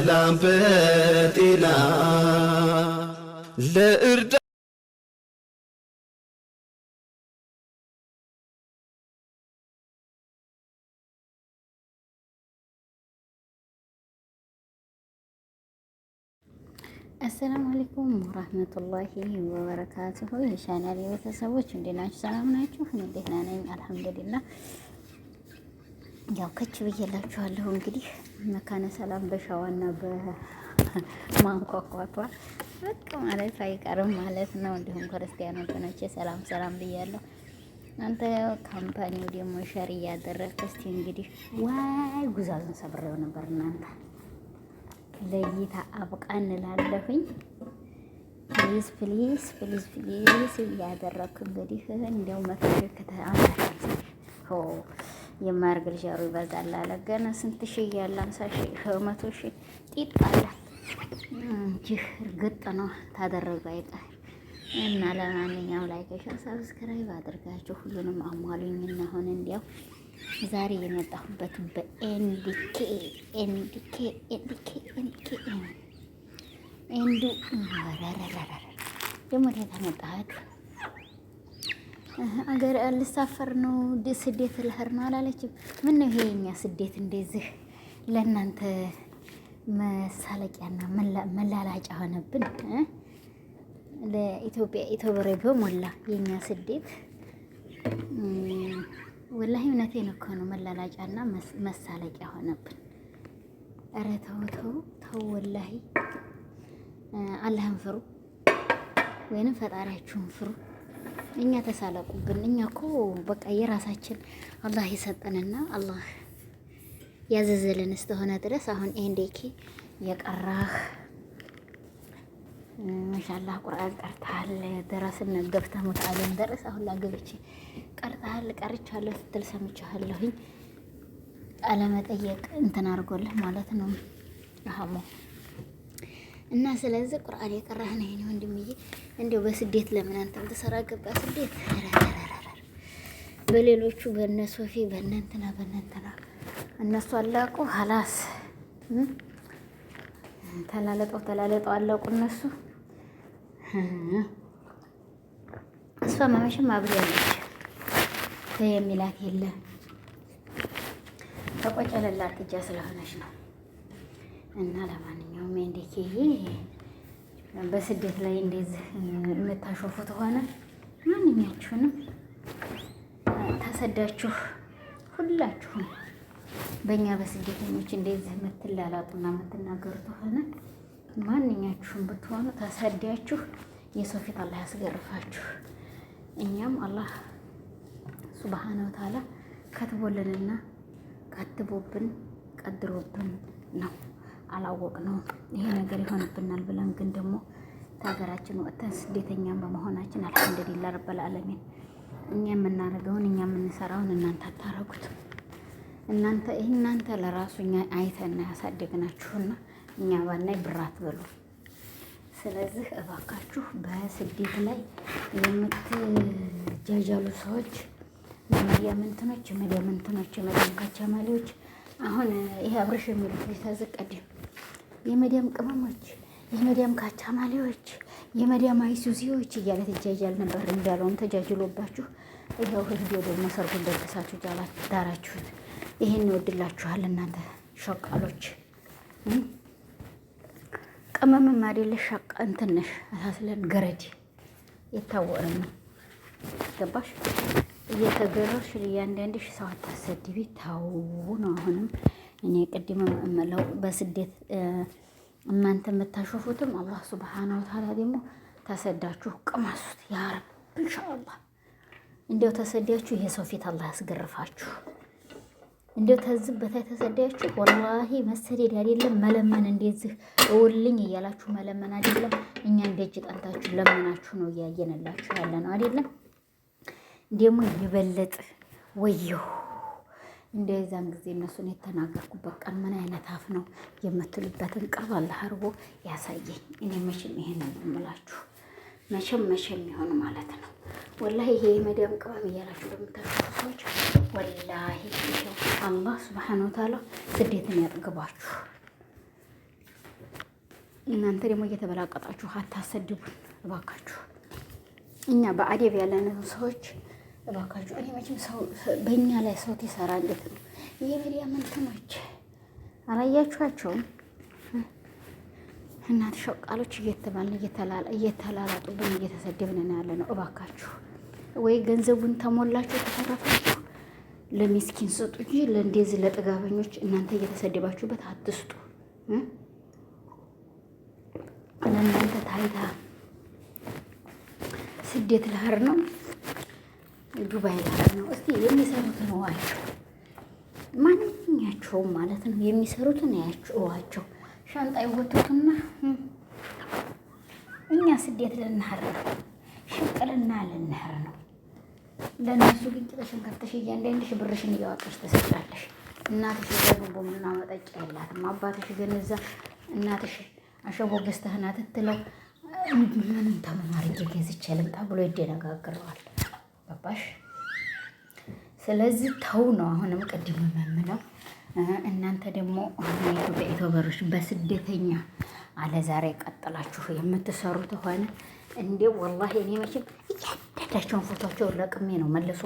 በሰላም በጤና ለእርዳ አሰላሙ አለይኩም ወራህመቱላሂ ወበረካቱሁ የቻናል ቤተሰቦች እንዴት ናችሁ? ሰላም ናችሁ? እኔ ደህና ነኝ፣ አልሐምዱሊላህ ያው ከች ብዬላችኋለሁ። እንግዲህ መካነ ሰላም በሻዋና በማንኳኳቷ በቃ ማለት አይቀርም ማለት ነው። እንዲሁም ክርስቲያን ወገኖቼ ሰላም ሰላም ብያለሁ። አንተ ካምፓኒው ደግሞ ሸር እያደረግ እስቲ እንግዲህ ዋይ ጉዛዙን ሰብሬው ነበር። እናንተ ለይታ አብቃ እንላለሁኝ። ፕሊዝ ፕሊዝ ፕሊዝ ፕሊዝ እያደረግኩ እንግዲህ እንዲያው መፈክት ሆ የማያርግ ልጅ ያሩ ይበዛል አለ። ገና ስንት ሺ እያለ አምሳ ሺ መቶ ሺ ጢጥ አለ እንጂ እርግጥ ነው ታደረገ አይቀር እና ለማንኛውም ላይክ፣ ሼር፣ ሰብስክራይብ አድርጋችሁ ሁሉንም አሟሉኝና አሁን እንዲያው ዛሬ የመጣሁበት በኤንዲኬ ኤንዲኬ ኤንዲኬ ኤንዲኬ ኤንዱ ደግሞ ተመጣሁት አገር ልሳፈር ነው ስደት ልሄድ ነው አላለችም? ምን ነው ይሄ የኛ ስደት እንደዚህ ለእናንተ መሳለቂያና መላላጫ ሆነብን። ለኢትዮጵያ ኢትዮጵያ በሞላ የኛ ስደት ወላሂ እውነቴን እኮ ነው መላላጫና መሳለቂያ ሆነብን። ኧረ ተው ተው ተው፣ ወላሂ አላህን ፍሩ ወይንም ፈጣሪያችሁን ፍሩ። እኛ ተሳለቁብን። እኛ እኮ በቃ የራሳችን አላህ የሰጠንና አላህ ያዘዘልን እስከሆነ ድረስ አሁን ኤንዴኪ የቀራህ ማሻአላህ ቁርአን ቀርተሃል፣ ደረስን ገብተህ ሙታለን ደረስ አሁን ላገብቼ ቀርተሃል ቀርቻለሁ ስትል ሰምቻለሁኝ። አለመጠየቅ እንትን አድርጎልህ ማለት ነው አሁን እና ስለዚህ ቁርአን የቀራህ ነህ እኔ ወንድምዬ፣ እንደው በስደት ለምን አንተም ተሰራ ገባ ስደት በሌሎቹ በነ ሶፊ በነ እንትና በነ እንትና እነሱ አላቁ ሀላስ ተላለጠው ተላለጠው አላቁ እነሱ። እሷ ማመሽም አብሪያለች የሚላት የለ ተቆጨለላት እጃ ስለሆነች ነው። እና ለማንኛውም ንዴኬዬ በስደት ላይ እንደዚህ የምታሾፉት ሆነ ማንኛችሁንም ተሰዳችሁ ሁላችሁም በእኛ በስደተኞች እንደዚህ የምትላላጡና የምትናገሩት ሆነ ማንኛችሁም ብትሆኑ ተሰዳችሁ የሰው ፊት አላህ ያስገርፋችሁ። እኛም አላህ ሱብሃነ ወተዓላ ከትቦልንና ከትቦብን ቀድሮብን ነው። አላወቅ ነው ይሄ ነገር ይሆንብናል ብለን ግን ደግሞ ከሀገራችን ወጥተን ስደተኛን በመሆናችን አልሐምዱሊላህ ረበል ዓለሚን እኛ የምናደርገውን እኛ የምንሰራውን እናንተ አታረጉት። እናንተ እናንተ ለራሱ እኛ አይተና ያሳደግናችሁና እኛ ባናይ ብራት በሉ። ስለዚህ እባካችሁ በስደት ላይ የምትጃጃሉ ሰዎች የመዲያምንትኖች የመዲያምንትኖች የመዲያም ካቻማሌዎች አሁን ይሄ አብረሽ የሚሉት ተዝቀድም የመዲያም ቅመሞች፣ የመዲያም ካቻማሌዎች፣ የመዲያም አይሱዚዎች እያለ ትጃጃል ነበር። እንዳለውም ተጃጅሎባችሁ ያው ህግ ደግሞ ሰርጉን ደግሳችሁ ዳራችሁት። ይሄን ይወድላችኋል እናንተ ሸቃሎች። ቅመም አይደለሽ ሻቃ እንትነሽ አሳስለን ገረድ የታወቅን ነው ገባሽ? እየተገረርሽ እያንዳንድሽ ሰው አታሰድቢ። ታው ነው አሁንም እኔ ቅድም እምለው በስደት እናንተ የምታሾፉትም አላህ ስብሓነ ወተዓላ ደግሞ ተሰዳችሁ ቅመሱት። ያረብ እንሻአላህ እንዲያው ተሰዳችሁ ይሄ ሰው ፊት አላህ ያስገርፋችሁ። እንዲያው ተዝብ በታይ ተሰዳያችሁ ወላሂ መሰደድ አይደለም መለመን፣ እንደዚህ እውልኝ እያላችሁ መለመን አይደለም። እኛ እንደእጅ ጠንታችሁ ለመናችሁ ነው እያየንላችሁ ያለ ነው አይደለም። ደግሞ ይበለጥ ወየሁ እንደዛን ጊዜ እነሱን የተናገርኩበት ቀን ምን አይነት አፍ ነው የምትሉበትን ቃል አላህ አርቦ ያሳየኝ። እኔ መቼም ይሄን የምላችሁ መቼም መቼም የሚሆን ማለት ነው። ወላሂ ይሄ የመዲያም ቅመም እያላችሁ በምታችሁ ሰዎች ወላሂ ይሄው አላህ ስብሓን ወተዓላ ስደትን ያጥግባችሁ። እናንተ ደግሞ እየተበላቀጣችሁ አታሰድቡን እባካችሁ። እኛ በአደብ ያለን ሰዎች እባካችሁ። እኔ መቼም ሰው በእኛ ላይ ሰው ትሰራ እንዴት ነው የሚዲያም እንትኖች አላያችኋቸውም? እናት ሸቃሎች እየተባልን እየተላላጡብን እየተሰደብን ያለ ነው። እባካችሁ ወይ ገንዘቡን ተሞላችሁ ተተረፋችሁ ለሚስኪን ስጡ እንጂ ለእንደዚህ ለጥጋበኞች እናንተ እየተሰደባችሁበት አትስጡ። ለእናንተ ታይታ ስደት ለህር ነው። ዱባይ ማለት ነው። እስቲ የሚሰሩት የሚሰሩትን እዋቸው፣ ማንኛቸውም ማለት ነው የሚሰሩት የሚሰሩትን እዋቸው። ሻንጣ ይወጡትና እኛ ስደት ልንሄድ ነው፣ ሽቅልና ልንሄድ ነው። ለእነሱ ግን ቂጥሽን ከፍተሽ እያንዳንድሽ ብርሽን እያወጣሽ ትሰጫለሽ። እናትሽ ገንቦ ምናመጠጫ የላትም። አባትሽ ግን እዛ እናትሽ አሸቦ ገዝተህና ትትለው ምንም ተማማሪ ገዝቼ ልምጣ ብሎ ይደነጋግረዋል። ገባሽ? ስለዚህ ተው ነው አሁንም ቅድም የምለው እናንተ ደግሞ የኢትዮጵያ ኢትዮበሮች በስደተኛ አለ ዛሬ ቀጥላችሁ የምትሰሩ ከሆነ እንዴ ወላሂ እኔ መቼም እያንዳንዳቸውን ፎቶቸውን ለቅሜ ነው መልሶ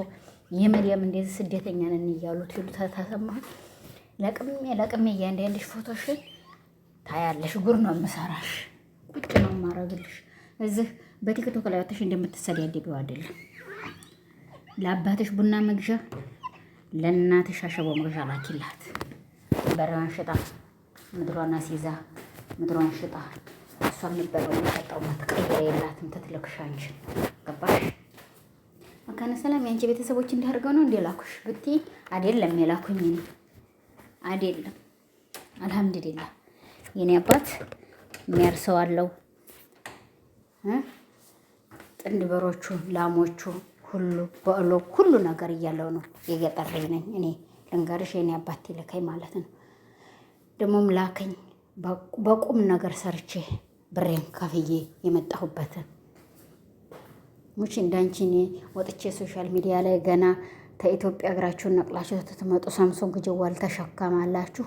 የመልያም እንደዚህ ስደተኛ ነን እያሉት ሉ ተሰማሁት። ለቅሜ ለቅሜ እያንዳንድሽ ፎቶሽን ታያለሽ። ጉር ነው የምሰራሽ፣ ቁጭ ነው የማረግልሽ። እዚህ በቲክቶክ ላይ ወጥተሽ እንደምትሰዳደቢው አይደለም። ለአባትሽ ቡና መግዣ፣ ለእናትሽ አሸቦ መግዣ ላኪላት። በረዋን ሽጣ ምድሯን አስይዛ ምድሯን ሽጣ እሷ የምትበላው የሚጠጣው ማትቀይረ የላትም። ትትልክሽ አንቺን ገባሽ? መካነ ሰላም የአንቺ ቤተሰቦች እንዲያደርገው ነው እንዲላኩሽ ብቴ ብትይ አይደለም የላኩኝ ነው አይደለም። አልሐምዱሊላህ የኔ አባት የሚያርሰው አለው ጥንድ በሮቹ ላሞቹ ሁሉ በሎ ሁሉ ነገር እያለው ነው የገጠር ልጅ ነኝ እኔ ልንገርሽ፣ የኔ አባት ይልከኝ ማለት ነው። ደግሞም ላከኝ በቁም ነገር ሰርቼ ብሬን ከፍዬ የመጣሁበትን ሙች እንዳንቺ እኔ ወጥቼ ሶሻል ሚዲያ ላይ ገና ከኢትዮጵያ እግራችሁን ነቅላችሁ ስትመጡ ሳምሶንግ ጅዋል ተሸከማላችሁ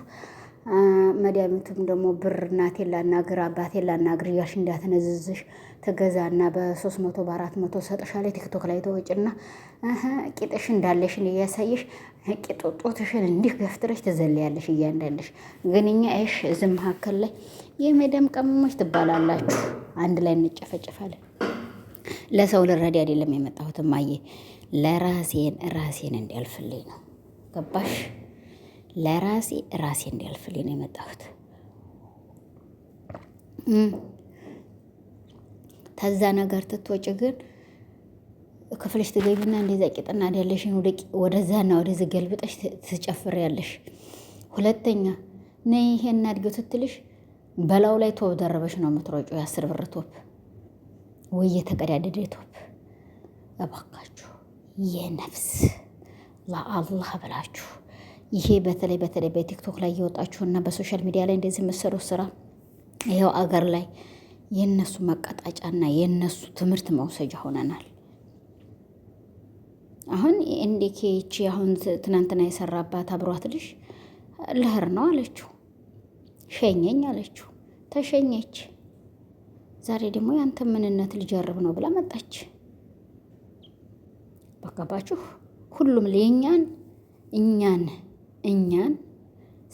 መድያሚቱም ደግሞ ብር እናቴን ላናግር አባቴን ላናግር እያልሽ እንዳትነዝዝሽ ትገዛና በሶስት መቶ በአራት መቶ ሰጥሻለሁ። ቲክቶክ ላይ ተወጭና ቂጥሽ እንዳለሽን እያሳየሽ ቂጡ ጡትሽን እንዲህ ገፍትረሽ ትዘለያለሽ። እያንዳለሽ ግን እኛ ይሽ እዚ መካከል ላይ የመዳም ቀመሞች ትባላላችሁ። አንድ ላይ እንጨፈጨፋለን። ለሰው ልረዳ አይደለም የመጣሁትም፣ አየ ለራሴን ራሴን እንዲያልፍልኝ ነው። ገባሽ? ለራሴ ራሴ እንዲያልፍልኝ ነው የመጣሁት። ተዛ ነገር ትትወጭ ግን ክፍልሽ ትገቢና እንደዛ ቂጥና ያለሽን ወደዛና ወደዚህ ገልብጠሽ ትጨፍር ያለሽ። ሁለተኛ ነይ ይሄን አድገው ትትልሽ በላው ላይ ቶብ ደረበሽ ነው የምትሮጩ። የአስር ብር ቶብ ወይ የተቀዳደደ ቶፕ። እባካችሁ የነፍስ ለአላህ ብላችሁ ይሄ በተለይ በተለይ በቲክቶክ ላይ እየወጣችሁና በሶሻል ሚዲያ ላይ እንደዚህ የምትሰሩት ስራ ይኸው አገር ላይ የእነሱ መቀጣጫና የእነሱ ትምህርት መውሰጃ ሆነናል። አሁን እንዴ ኬቺ አሁን ትናንትና የሰራባት አብሯት ልጅ ልህር ነው አለችው፣ ሸኘኝ አለችው፣ ተሸኘች። ዛሬ ደግሞ ያንተ ምንነት ልጀርብ ነው ብላ መጣች። በገባችሁ ሁሉም ለእኛን እኛን እኛን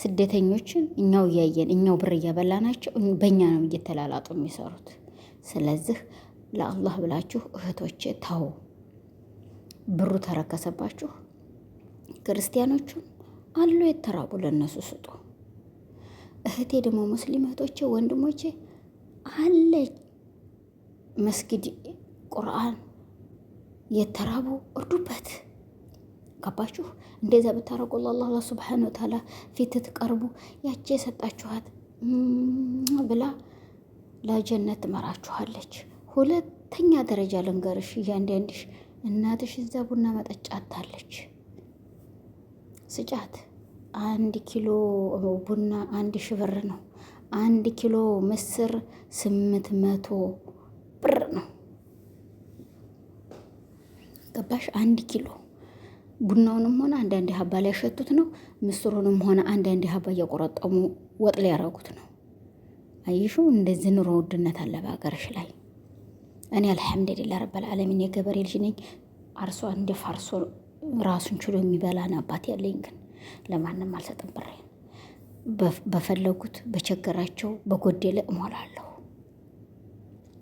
ስደተኞችን እኛው እያየን እኛው ብር እያበላናቸው በእኛ ነው እየተላላጡ የሚሰሩት። ስለዚህ ለአላህ ብላችሁ እህቶቼ ተው። ብሩ ተረከሰባችሁ። ክርስቲያኖቹ አሉ የተራቡ ለእነሱ ስጡ። እህቴ ደግሞ ሙስሊም እህቶቼ ወንድሞቼ አለ መስጊድ ቁርአን የተራቡ እርዱበት። ገባችሁ? እንደዛ ብታረቁ አላህ ስብሓን ወተዓላ ፊት ትቀርቡ ያቺ የሰጣችኋት ብላ ለጀነት ትመራችኋለች። ሁለተኛ ደረጃ ልንገርሽ፣ እያንዳንድሽ እናትሽ እዛ ቡና መጠጫ አታለች ስጫት። አንድ ኪሎ ቡና አንድ ሺህ ብር ነው። አንድ ኪሎ ምስር ስምንት መቶ ብር ነው። ገባሽ? አንድ ኪሎ ቡናውንም ሆነ አንዳንድ ሀባ ላይ ነው። ምስሩንም ሆነ አንዳንድ ሀባ እየቆረጠሙ ወጥ ሊያረጉት ነው። አይሹ እንደዚህ ኑሮ ውድነት አለ በሀገርሽ ላይ። እኔ አልሐምድሊላህ ረበል ዓለሚን የገበሬ ልጅ ነኝ። አርሶ እንደ ፋርሶ ራሱን ችሎ የሚበላን አባት ያለኝ ግን ለማንም አልሰጥም። ብሬ በፈለጉት በቸገራቸው በጎደለ እሞላለሁ።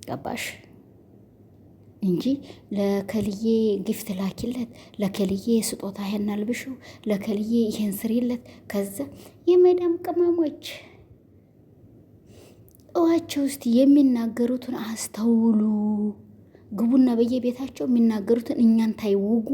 ገባሽ? እንጂ ለከልዬ ግፍት ላኪለት፣ ለከልዬ ስጦታ ይሄን አልብሽው፣ ለከልዬ ይሄን ስሪለት። ከዛ የመዳም ቅመሞች እዋቸው ውስጥ የሚናገሩትን አስተውሉ። ግቡና በየቤታቸው የሚናገሩትን እኛን ታይውጉ።